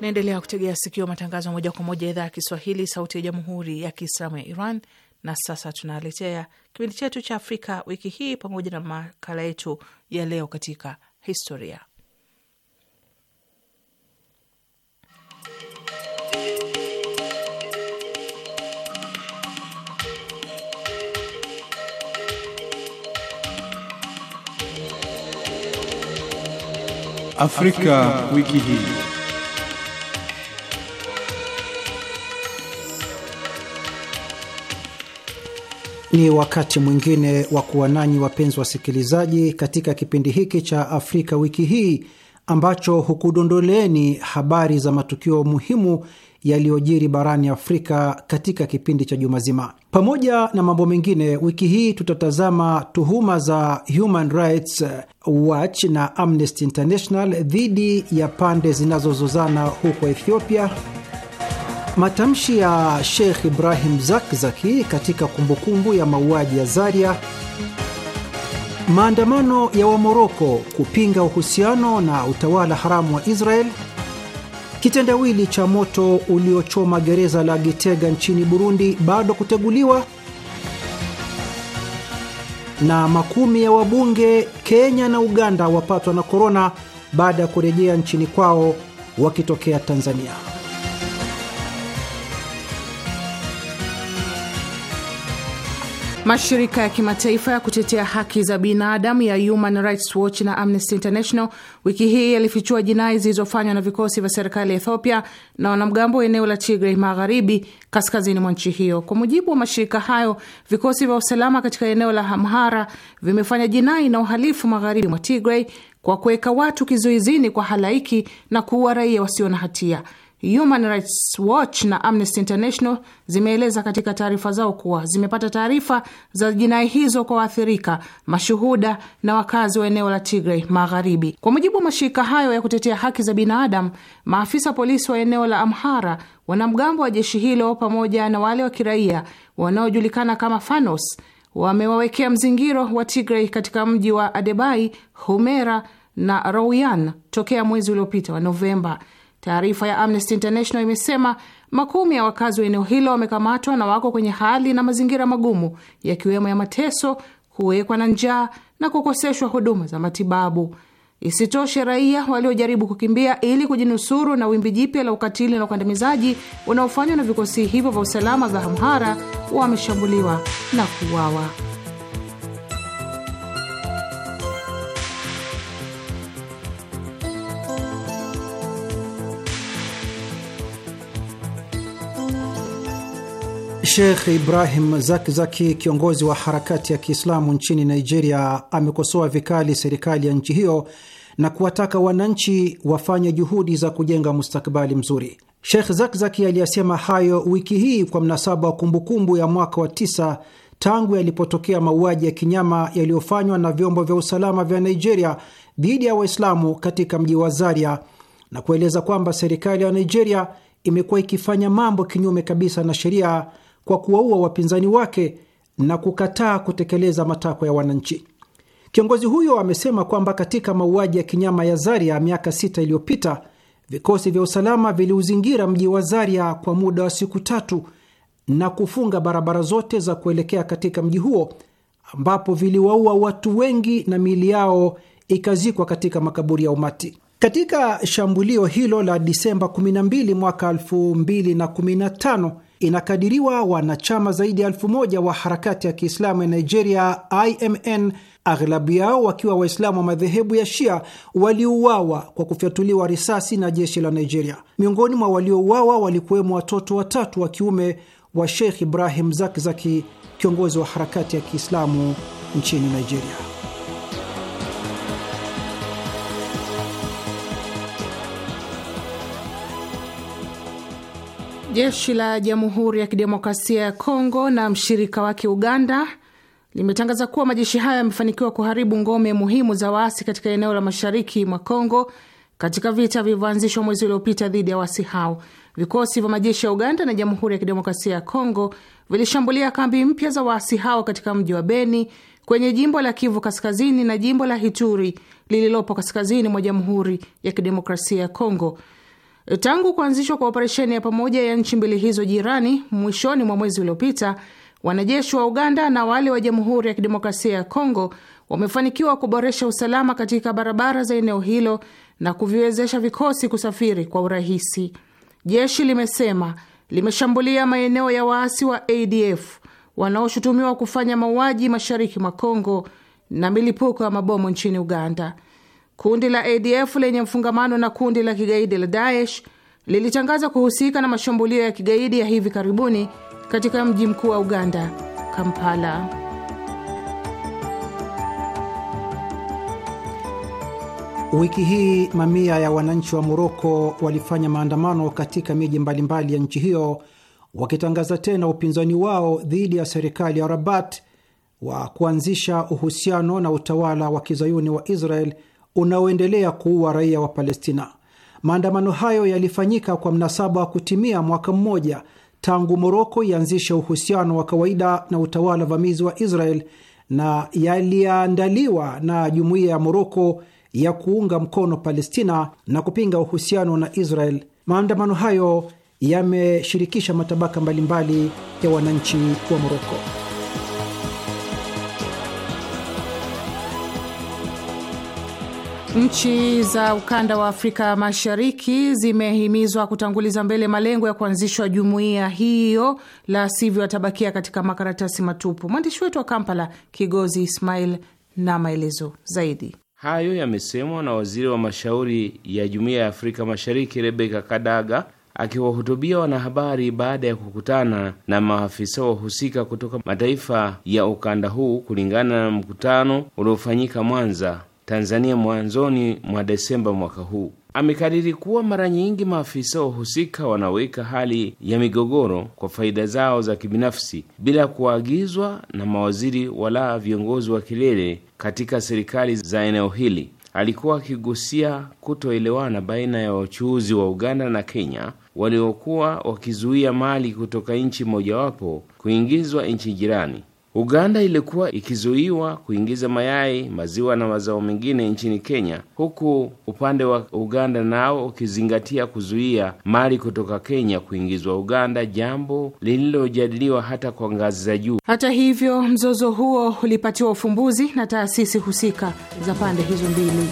Naendelea kutegea sikio matangazo moja kwa moja idhaa ya Kiswahili, sauti ya jamhuri ya kiislamu ya Iran. Na sasa tunaletea kipindi chetu cha Afrika wiki hii pamoja na makala yetu ya leo katika historia. Afrika, Afrika wiki hii. Ni wakati mwingine wa kuwa nanyi, wapenzi wasikilizaji, katika kipindi hiki cha Afrika Wiki Hii ambacho hukudondoleeni habari za matukio muhimu yaliyojiri barani Afrika katika kipindi cha juma zima. Pamoja na mambo mengine, wiki hii tutatazama tuhuma za Human Rights Watch na Amnesty International dhidi ya pande zinazozozana huko Ethiopia. Matamshi ya Sheikh Ibrahim Zakzaki katika kumbukumbu ya mauaji ya Zaria. Maandamano ya Wamoroko kupinga uhusiano na utawala haramu wa Israel. Kitendawili cha moto uliochoma gereza la Gitega nchini Burundi bado kuteguliwa. Na makumi ya wabunge Kenya na Uganda wapatwa na korona baada ya kurejea nchini kwao wakitokea Tanzania. Mashirika ya kimataifa ya kutetea haki za binadamu ya Human Rights Watch na Amnesty International wiki hii yalifichua jinai zilizofanywa na vikosi vya serikali ya Ethiopia na wanamgambo wa eneo la Tigray magharibi kaskazini mwa nchi hiyo. Kwa mujibu wa mashirika hayo, vikosi vya usalama katika eneo la Amhara vimefanya jinai na uhalifu magharibi mwa Tigray kwa kuweka watu kizuizini kwa halaiki na kuua raia wasio na hatia. Human Rights Watch na Amnesty International zimeeleza katika taarifa zao kuwa zimepata taarifa za jinai hizo kwa waathirika, mashuhuda na wakazi wa eneo la Tigray Magharibi. Kwa mujibu wa mashirika hayo ya kutetea haki za binadamu, maafisa polisi wa eneo la Amhara, wanamgambo wa jeshi hilo pamoja na wale wa kiraia wanaojulikana kama Fanos wamewawekea mzingiro wa Tigray katika mji wa Adebai, Humera na rouyan tokea mwezi uliopita wa Novemba. Taarifa ya Amnesty International imesema makumi ya wakazi wa eneo hilo wamekamatwa na wako kwenye hali na mazingira magumu, yakiwemo ya mateso, kuwekwa na njaa na kukoseshwa huduma za matibabu. Isitoshe, raia waliojaribu kukimbia ili kujinusuru na wimbi jipya la ukatili na ukandamizaji unaofanywa na vikosi hivyo vya usalama za Amhara wameshambuliwa na kuuawa. Sheikh Ibrahim Zakzaki, kiongozi wa harakati ya Kiislamu nchini Nigeria, amekosoa vikali serikali ya nchi hiyo na kuwataka wananchi wafanye juhudi za kujenga mustakabali mzuri. Sheikh Zakzaki aliyasema hayo wiki hii kwa mnasaba wa kumbukumbu ya mwaka wa tisa tangu yalipotokea mauaji ya kinyama yaliyofanywa na vyombo vya usalama vya Nigeria dhidi ya Waislamu katika mji wa Zaria na kueleza kwamba serikali ya Nigeria imekuwa ikifanya mambo kinyume kabisa na sheria kwa kuwaua wapinzani wake na kukataa kutekeleza matakwa ya wananchi. Kiongozi huyo amesema kwamba katika mauaji ya kinyama ya Zaria miaka sita iliyopita vikosi vya usalama viliuzingira mji wa Zaria kwa muda wa siku tatu na kufunga barabara zote za kuelekea katika mji huo ambapo viliwaua watu wengi na miili yao ikazikwa katika makaburi ya umati. Katika shambulio hilo la Disemba 12 mwaka 2015 inakadiriwa wanachama zaidi ya elfu moja wa harakati ya Kiislamu ya Nigeria IMN, aghlabu yao wakiwa Waislamu wa madhehebu ya Shia waliouawa kwa kufyatuliwa risasi na jeshi la Nigeria. Miongoni mwa waliouawa walikuwemo watoto watatu wa kiume wa Sheikh Ibrahim Zakzaki, kiongozi wa harakati ya Kiislamu nchini Nigeria. Jeshi la Jamhuri ya Kidemokrasia ya Kongo na mshirika wake Uganda limetangaza kuwa majeshi hayo yamefanikiwa kuharibu ngome muhimu za waasi katika eneo la mashariki mwa Kongo katika vita vilivyoanzishwa mwezi uliopita dhidi ya waasi hao. Vikosi vya majeshi ya Uganda na Jamhuri ya Kidemokrasia ya Kongo vilishambulia kambi mpya za waasi hao katika mji wa Beni kwenye jimbo la Kivu Kaskazini na jimbo la hituri lililopo kaskazini mwa Jamhuri ya Kidemokrasia ya Kongo. Tangu kuanzishwa kwa operesheni ya pamoja ya nchi mbili hizo jirani mwishoni mwa mwezi uliopita, wanajeshi wa Uganda na wale wa Jamhuri ya Kidemokrasia ya Kongo wamefanikiwa kuboresha usalama katika barabara za eneo hilo na kuviwezesha vikosi kusafiri kwa urahisi. Jeshi limesema limeshambulia maeneo ya waasi wa ADF wanaoshutumiwa kufanya mauaji mashariki mwa Kongo na milipuko ya mabomu nchini Uganda. Kundi la ADF lenye mfungamano na kundi la kigaidi la Daesh lilitangaza kuhusika na mashambulio ya kigaidi ya hivi karibuni katika mji mkuu wa Uganda, Kampala. Wiki hii mamia ya wananchi wa Moroko walifanya maandamano katika miji mbalimbali ya nchi hiyo wakitangaza tena upinzani wao dhidi ya serikali ya Rabat wa kuanzisha uhusiano na utawala wa kizayuni wa Israel unaoendelea kuua raia wa Palestina. Maandamano hayo yalifanyika kwa mnasaba wa kutimia mwaka mmoja tangu Moroko ianzishe uhusiano wa kawaida na utawala vamizi wa Israel na yaliandaliwa na jumuiya ya Moroko ya kuunga mkono Palestina na kupinga uhusiano na Israel. Maandamano hayo yameshirikisha matabaka mbalimbali ya wananchi wa Moroko. Nchi za ukanda wa Afrika Mashariki zimehimizwa kutanguliza mbele malengo ya kuanzishwa jumuiya hiyo, la sivyo atabakia katika makaratasi matupu. Mwandishi wetu wa Kampala, Kigozi Ismail, na maelezo zaidi. Hayo yamesemwa na waziri wa mashauri ya jumuiya ya Afrika Mashariki Rebeka Kadaga akiwahutubia wanahabari baada ya kukutana na maafisa wahusika kutoka mataifa ya ukanda huu kulingana na mkutano uliofanyika Mwanza. Tanzania mwanzoni mwa Desemba mwaka huu. Amekariri kuwa mara nyingi maafisa wahusika wanaweka hali ya migogoro kwa faida zao za kibinafsi bila kuagizwa na mawaziri wala viongozi wa kilele katika serikali za eneo hili. Alikuwa akigusia kutoelewana baina ya wachuuzi wa Uganda na Kenya waliokuwa wakizuia mali kutoka nchi mojawapo kuingizwa nchi jirani. Uganda ilikuwa ikizuiwa kuingiza mayai, maziwa na mazao mengine nchini Kenya, huku upande wa Uganda nao ukizingatia kuzuia mali kutoka Kenya kuingizwa Uganda, jambo lililojadiliwa hata kwa ngazi za juu. Hata hivyo, mzozo huo ulipatiwa ufumbuzi na taasisi husika za pande hizo mbili.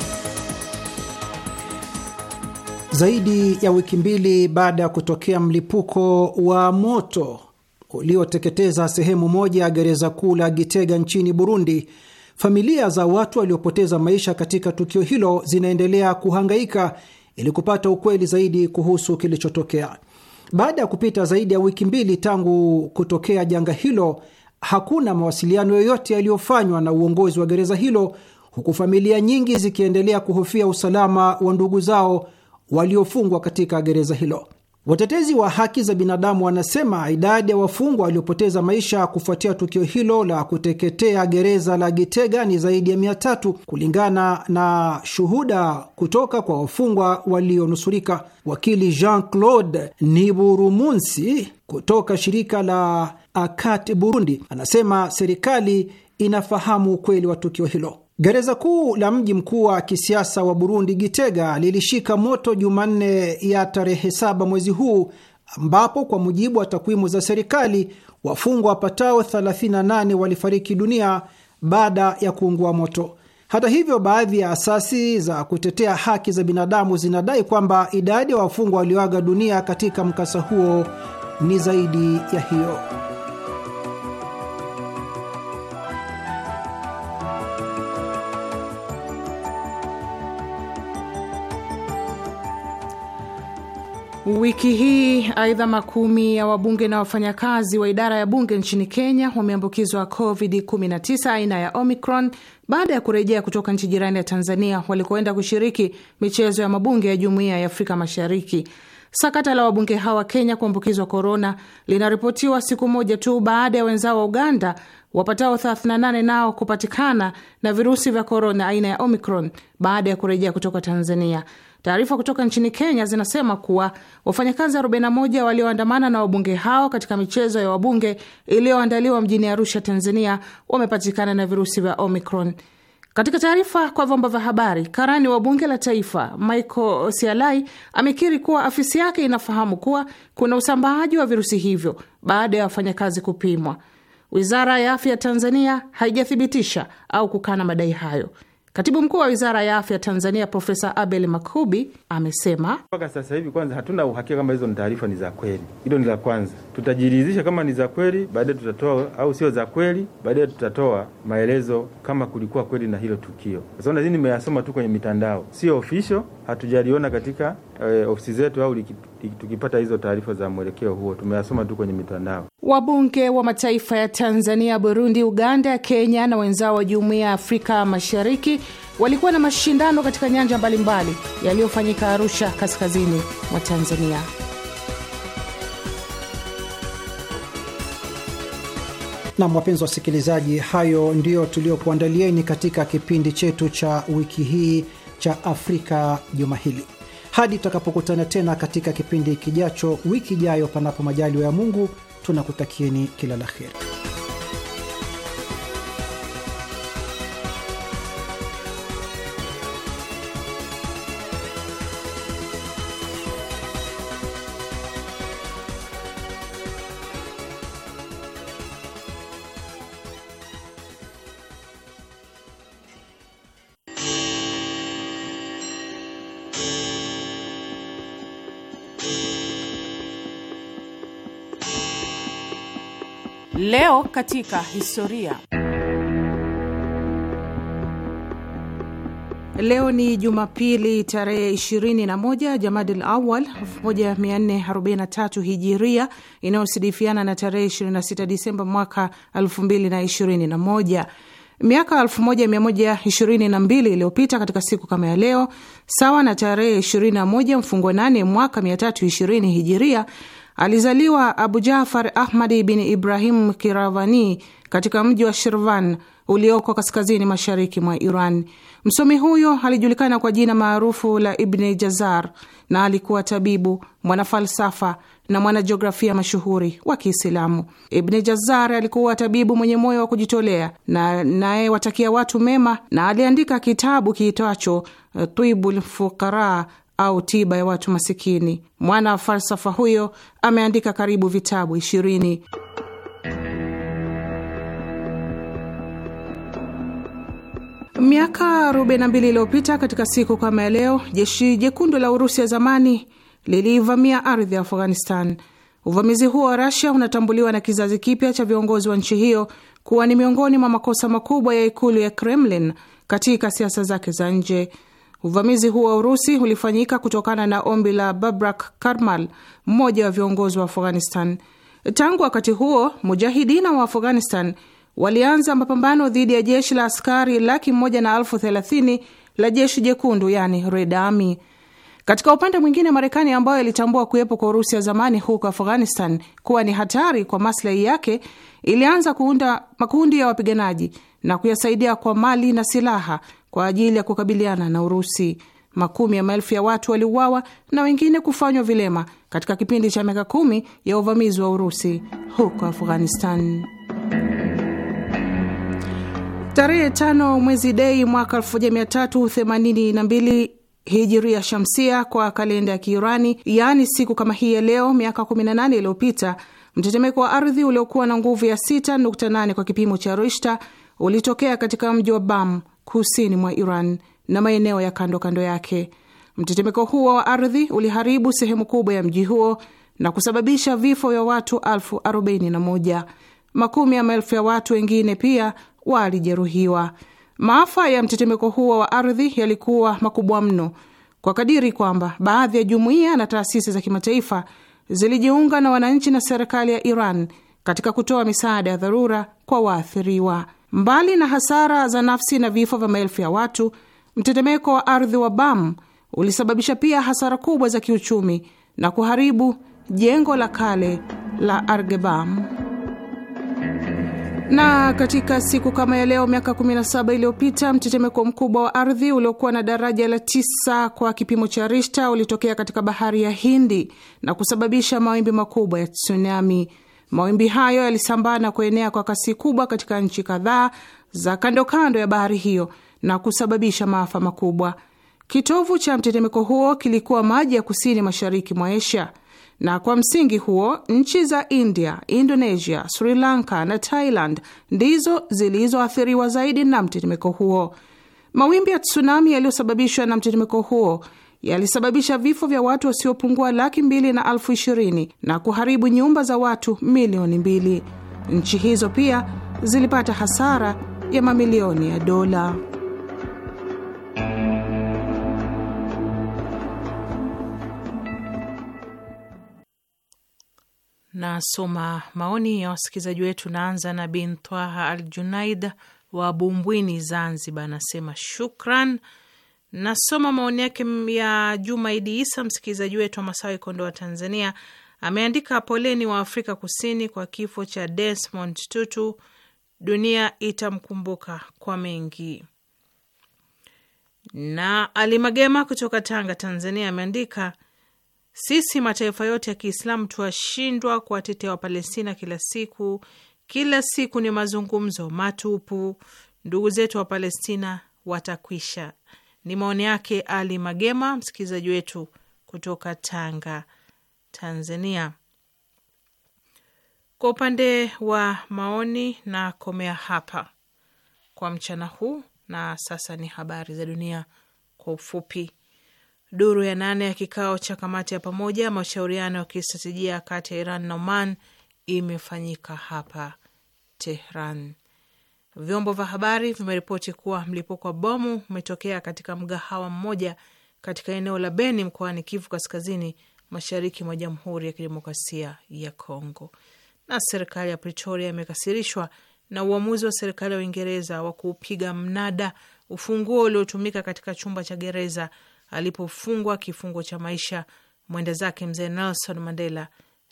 Zaidi ya wiki mbili baada ya kutokea mlipuko wa moto ulioteketeza sehemu moja ya gereza kuu la Gitega nchini Burundi. Familia za watu waliopoteza maisha katika tukio hilo zinaendelea kuhangaika ili kupata ukweli zaidi kuhusu kilichotokea. Baada ya kupita zaidi ya wiki mbili tangu kutokea janga hilo, hakuna mawasiliano yoyote yaliyofanywa na uongozi wa gereza hilo, huku familia nyingi zikiendelea kuhofia usalama wa ndugu zao waliofungwa katika gereza hilo. Watetezi wa haki za binadamu wanasema idadi ya wafungwa waliopoteza maisha kufuatia tukio hilo la kuteketea gereza la Gitega ni zaidi ya mia tatu kulingana na shuhuda kutoka kwa wafungwa walionusurika. Wakili Jean Claude Niburumunsi kutoka shirika la akat Burundi anasema serikali inafahamu ukweli wa tukio hilo. Gereza kuu la mji mkuu wa kisiasa wa Burundi, Gitega, lilishika moto Jumanne ya tarehe saba mwezi huu, ambapo kwa mujibu wa takwimu za serikali wafungwa wapatao 38 walifariki dunia baada ya kuungua moto. Hata hivyo, baadhi ya asasi za kutetea haki za binadamu zinadai kwamba idadi ya wafungwa walioaga dunia katika mkasa huo ni zaidi ya hiyo. Wiki hii aidha, makumi ya wabunge na wafanyakazi wa idara ya bunge nchini Kenya wameambukizwa COVID-19 aina ya Omicron baada ya kurejea kutoka nchi jirani ya Tanzania walikoenda kushiriki michezo ya mabunge ya jumuiya ya Afrika Mashariki. Sakata la wabunge hawa wa Kenya kuambukizwa korona linaripotiwa siku moja tu baada ya wenzao wa Uganda wapatao 38 nao kupatikana na virusi vya korona aina ya Omicron baada ya kurejea kutoka Tanzania. Taarifa kutoka nchini Kenya zinasema kuwa wafanyakazi 41 walioandamana na wabunge hao katika michezo ya wabunge iliyoandaliwa mjini Arusha, Tanzania, wamepatikana na virusi vya Omicron. Katika taarifa kwa vyombo vya habari, karani wa bunge la taifa Michael Sialai amekiri kuwa afisi yake inafahamu kuwa kuna usambaaji wa virusi hivyo baada ya wafanyakazi kupimwa. Wizara ya afya ya Tanzania haijathibitisha au kukana madai hayo. Katibu mkuu wa wizara ya afya Tanzania Profesa Abel Makubi amesema mpaka sasa hivi kwanza hatuna uhakika kama hizo ni taarifa ni za kweli. Hilo ni la kwanza tutajiridhisha kama ni za kweli, baadaye tutatoa au sio za kweli, baadaye tutatoa maelezo kama kulikuwa kweli na hilo tukio, kwa sababu lazima nimeyasoma tu kwenye mitandao, sio official, hatujaliona katika e, ofisi zetu au tukipata hizo taarifa za mwelekeo huo, tumeyasoma tu kwenye mitandao. Wabunge wa mataifa ya Tanzania, Burundi, Uganda, Kenya na wenzao wa Jumuiya ya Afrika Mashariki walikuwa na mashindano katika nyanja mbalimbali yaliyofanyika Arusha, kaskazini mwa Tanzania. Nam, wapenzi wasikilizaji, hayo ndiyo tuliyokuandalieni katika kipindi chetu cha wiki hii cha Afrika juma hili, hadi tutakapokutana tena katika kipindi kijacho, wiki ijayo, panapo majaliwa ya Mungu. Tunakutakieni kila la heri. Leo katika historia. Leo ni Jumapili tarehe 21 Jamadil Awal 1443 Hijiria, inayosidifiana na tarehe 26 Disemba mwaka 2021. Miaka 1122 iliyopita katika siku kama ya leo, sawa na tarehe 21 mfungo 8 mwaka 320 Hijiria, Alizaliwa Abu Jafar Ahmadi bin Ibrahim Kiravani katika mji wa Shirvan ulioko kaskazini mashariki mwa Iran. Msomi huyo alijulikana kwa jina maarufu la Ibni Jazar na alikuwa tabibu, mwanafalsafa na mwanajiografia mashuhuri wa Kiislamu. Ibni Jazar alikuwa tabibu mwenye moyo wa kujitolea na nayewatakia watu mema, na aliandika kitabu kiitwacho Twibul Fuqara au tiba ya watu masikini. Mwana wa falsafa huyo ameandika karibu vitabu ishirini. Miaka 42 iliyopita katika siku kama ya leo, jeshi jekundu la Urusi ya zamani liliivamia ardhi ya Afghanistan. Uvamizi huo wa Rasia unatambuliwa na kizazi kipya cha viongozi wa nchi hiyo kuwa ni miongoni mwa makosa makubwa ya ikulu ya Kremlin katika siasa zake za nje. Uvamizi huo wa Urusi ulifanyika kutokana na ombi la Babrak Karmal, mmoja wa viongozi wa Afghanistan. Tangu wakati huo mujahidina wa Afghanistan walianza mapambano dhidi ya jeshi la askari laki moja na elfu thelathini la jeshi jekundu, yani Red Army. Katika upande mwingine, Marekani ambayo ilitambua kuwepo kwa Urusi ya zamani huko Afghanistan kuwa ni hatari kwa maslahi yake, ilianza kuunda makundi ya wapiganaji na kuyasaidia kwa mali na silaha kwa ajili ya kukabiliana na Urusi. Makumi ya maelfu ya watu waliuawa na wengine kufanywa vilema katika kipindi cha miaka kumi ya uvamizi wa Urusi huko Afghanistan. Tarehe tano mwezi Dei mwaka hijiria shamsia kwa kalenda ya Kiirani, yaani siku kama hii ya leo miaka 18 iliyopita, mtetemeko wa ardhi uliokuwa na nguvu ya 6.8 kwa kipimo cha Rishta ulitokea katika mji wa Bam kusini mwa Iran na maeneo ya kando kando yake. Mtetemeko huo wa ardhi uliharibu sehemu kubwa ya mji huo na kusababisha vifo vya watu elfu arobaini na moja. Makumi ya maelfu ya watu wengine pia walijeruhiwa. Maafa ya mtetemeko huo wa ardhi yalikuwa makubwa mno kwa kadiri kwamba baadhi ya jumuiya na taasisi za kimataifa zilijiunga na wananchi na serikali ya Iran katika kutoa misaada ya dharura kwa waathiriwa. Mbali na hasara za nafsi na vifo vya maelfu ya watu, mtetemeko wa ardhi wa Bam ulisababisha pia hasara kubwa za kiuchumi na kuharibu jengo la kale la Argebam. Na katika siku kama ya leo miaka 17 iliyopita mtetemeko mkubwa wa ardhi uliokuwa na daraja la tisa kwa kipimo cha rishta ulitokea katika bahari ya Hindi na kusababisha mawimbi makubwa ya tsunami. Mawimbi hayo yalisambaa na kuenea kwa kasi kubwa katika nchi kadhaa za kando kando ya bahari hiyo na kusababisha maafa makubwa. Kitovu cha mtetemeko huo kilikuwa maji ya kusini mashariki mwa Asia na kwa msingi huo nchi za India, Indonesia, Sri Lanka na Thailand ndizo zilizoathiriwa zaidi na mtetemeko huo. Mawimbi ya tsunami yaliyosababishwa na mtetemeko huo yalisababisha vifo vya watu wasiopungua laki mbili na alfu ishirini na kuharibu nyumba za watu milioni mbili. Nchi hizo pia zilipata hasara ya mamilioni ya dola. Nasoma maoni ya wasikilizaji wetu. Naanza na Twaha Al Junaid wa Bumbwini, Zanzibar, anasema shukran. Nasoma maoni yake ya Juma Idi Isa, msikilizaji wetu wa Masawi, Kondoa, Tanzania. Ameandika poleni wa Afrika Kusini kwa kifo cha Desmond Tutu. Dunia itamkumbuka kwa mengi. Na Ali Magema kutoka Tanga, Tanzania, ameandika sisi mataifa yote ya Kiislamu tuwashindwa kuwatetea Wapalestina kila siku. Kila siku ni mazungumzo matupu. Ndugu zetu wa Palestina watakwisha. Ni maoni yake Ali Magema, msikilizaji wetu kutoka Tanga, Tanzania. Kwa upande wa maoni na komea hapa kwa mchana huu, na sasa ni habari za dunia kwa ufupi. Duru ya nane ya kikao cha kamati ya pamoja mashauriano ya kistratejia kati ya Iran na Oman imefanyika hapa Tehran. Vyombo vya habari vimeripoti kuwa mlipuko wa bomu umetokea katika mgahawa mmoja katika eneo la Beni mkoani Kivu Kaskazini, mashariki mwa Jamhuri ya Kidemokrasia ya Kongo. Na serikali ya Pretoria imekasirishwa na uamuzi wa serikali ya Uingereza wa kuupiga mnada ufunguo uliotumika katika chumba cha gereza alipofungwa kifungo cha maisha mwenda zake mzee Nelson Mandela,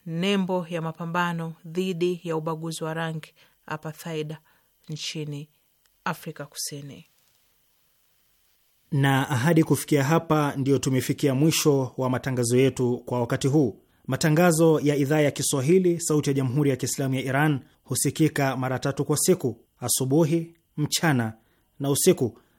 nembo ya mapambano dhidi ya ubaguzi wa rangi apartheid nchini Afrika Kusini. Na ahadi kufikia hapa, ndiyo tumefikia mwisho wa matangazo yetu kwa wakati huu. Matangazo ya idhaa ya Kiswahili sauti ya Jamhuri ya Kiislamu ya Iran husikika mara tatu kwa siku: asubuhi, mchana na usiku.